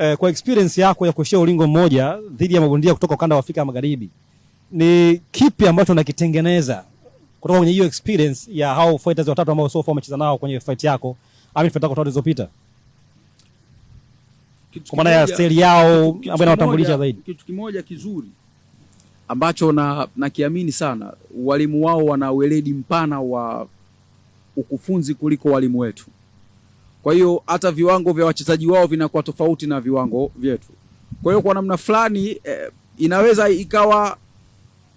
eh, kwa experience yako ya kushia ulingo mmoja dhidi ya mabondia kutoka ukanda wa Afrika Magharibi, ni kipi ambacho unakitengeneza kutoka kwenye hiyo experience ya hao fighters watatu ambao so wamecheza nao kwenye fight yako ama fight yako tatu zilizopita, kwa maana ya style yao ambayo inawatambulisha zaidi? Kitu kimoja kizuri ambacho na nakiamini sana, walimu wao wana weledi mpana wa ukufunzi kuliko walimu wetu. Kwa hiyo hata viwango vya wachezaji wao vinakuwa tofauti na viwango vyetu. Kwa hiyo kwa namna fulani eh, inaweza ikawa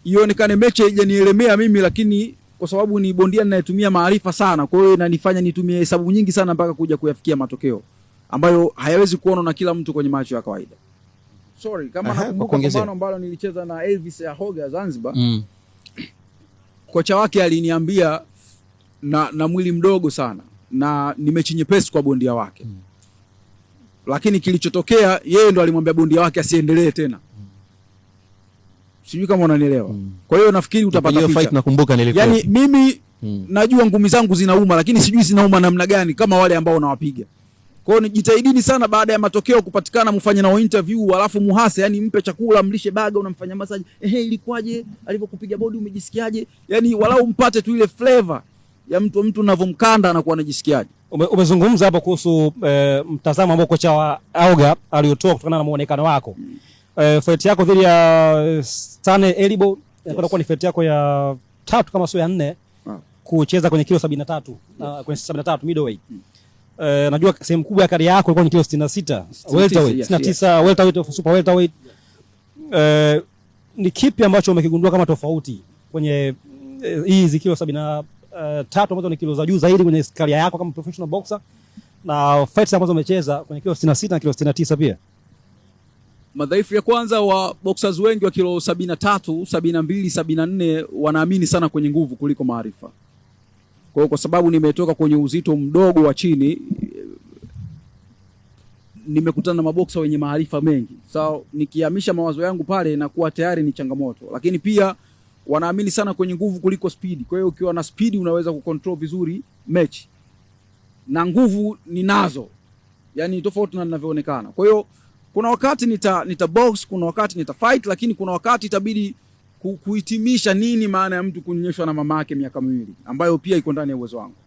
ionekane mechi haijanilemea mimi, lakini kwa sababu ni bondia ninayetumia maarifa sana, kwa hiyo inanifanya nitumie hesabu nyingi sana mpaka kuja kuyafikia matokeo ambayo hayawezi kuonwa na kila mtu kwenye macho ya kawaida. Sorry, kama nakumbuka mfano ambalo nilicheza na Elvis ya Ahoga Zanzibar, mm. kocha wake aliniambia na, na mwili mdogo sana na ni mechi nyepesi kwa bondia wake mm. Lakini kilichotokea yeye ndo alimwambia bondia wake asiendelee tena mm. Sijui kama unanielewa mm. Kwa hiyo nafikiri utapata picha. fight, nakumbuka nilikuwa yani mimi mm. najua ngumi zangu zinauma, lakini sijui zinauma namna gani kama wale ambao nawapiga hiyo Nijitahidini sana, baada ya matokeo kupatikana mfanye nao interview, alafu muhase, yani mpe chakula, mlishe baga, unamfanya massage, ehe, ilikuwaje alivyokupiga bodi, umejisikiaje? Yani walau mpate tu ile flavor ya mtu mtu unavyomkanda anakuwa anajisikiaje. Ume, umezungumza hapo kuhusu e, mtazamo ambao kocha wa Auga aliotoa kutokana na muonekano wako mm. Eh, e, fight yako dhidi ya eh, Stane Elibo inakwenda kuwa Ni fight yako ya tatu kama sio ya nne ah. Kucheza kwenye kilo 73 yes. Ah, na, kwenye 73 middleweight mm. E, najua sehemu kubwa ya kari yako ilikuwa ni kilo 66 welterweight 69 welterweight au super welterweight yeah. E, ni kipi ambacho umekigundua kama tofauti kwenye hizi e, kilo 73 Eh, tatu ambazo ni kilo za juu zaidi kwenye karia yako kama professional boxer na fights ambazo umecheza kwenye kilo 66 na kilo 69 pia. Madhaifu ya kwanza wa boxers wengi wa kilo 73, 72, 74 wanaamini sana kwenye nguvu kuliko maarifa. Kwa hiyo kwa sababu nimetoka kwenye uzito mdogo wa chini eh, nimekutana na maboksa wenye maarifa mengi. So nikihamisha mawazo yangu pale na kuwa tayari ni changamoto. Lakini pia wanaamini sana kwenye nguvu kuliko spidi. Kwa hiyo ukiwa na spidi unaweza kucontrol vizuri mechi, na nguvu ninazo, yani tofauti na ninavyoonekana. Kwa hiyo kuna wakati nita, nita box, kuna wakati nita fight, lakini kuna wakati itabidi kuhitimisha nini maana ya mtu kunyonyeshwa na mama yake miaka miwili ambayo pia iko ndani ya uwezo wangu.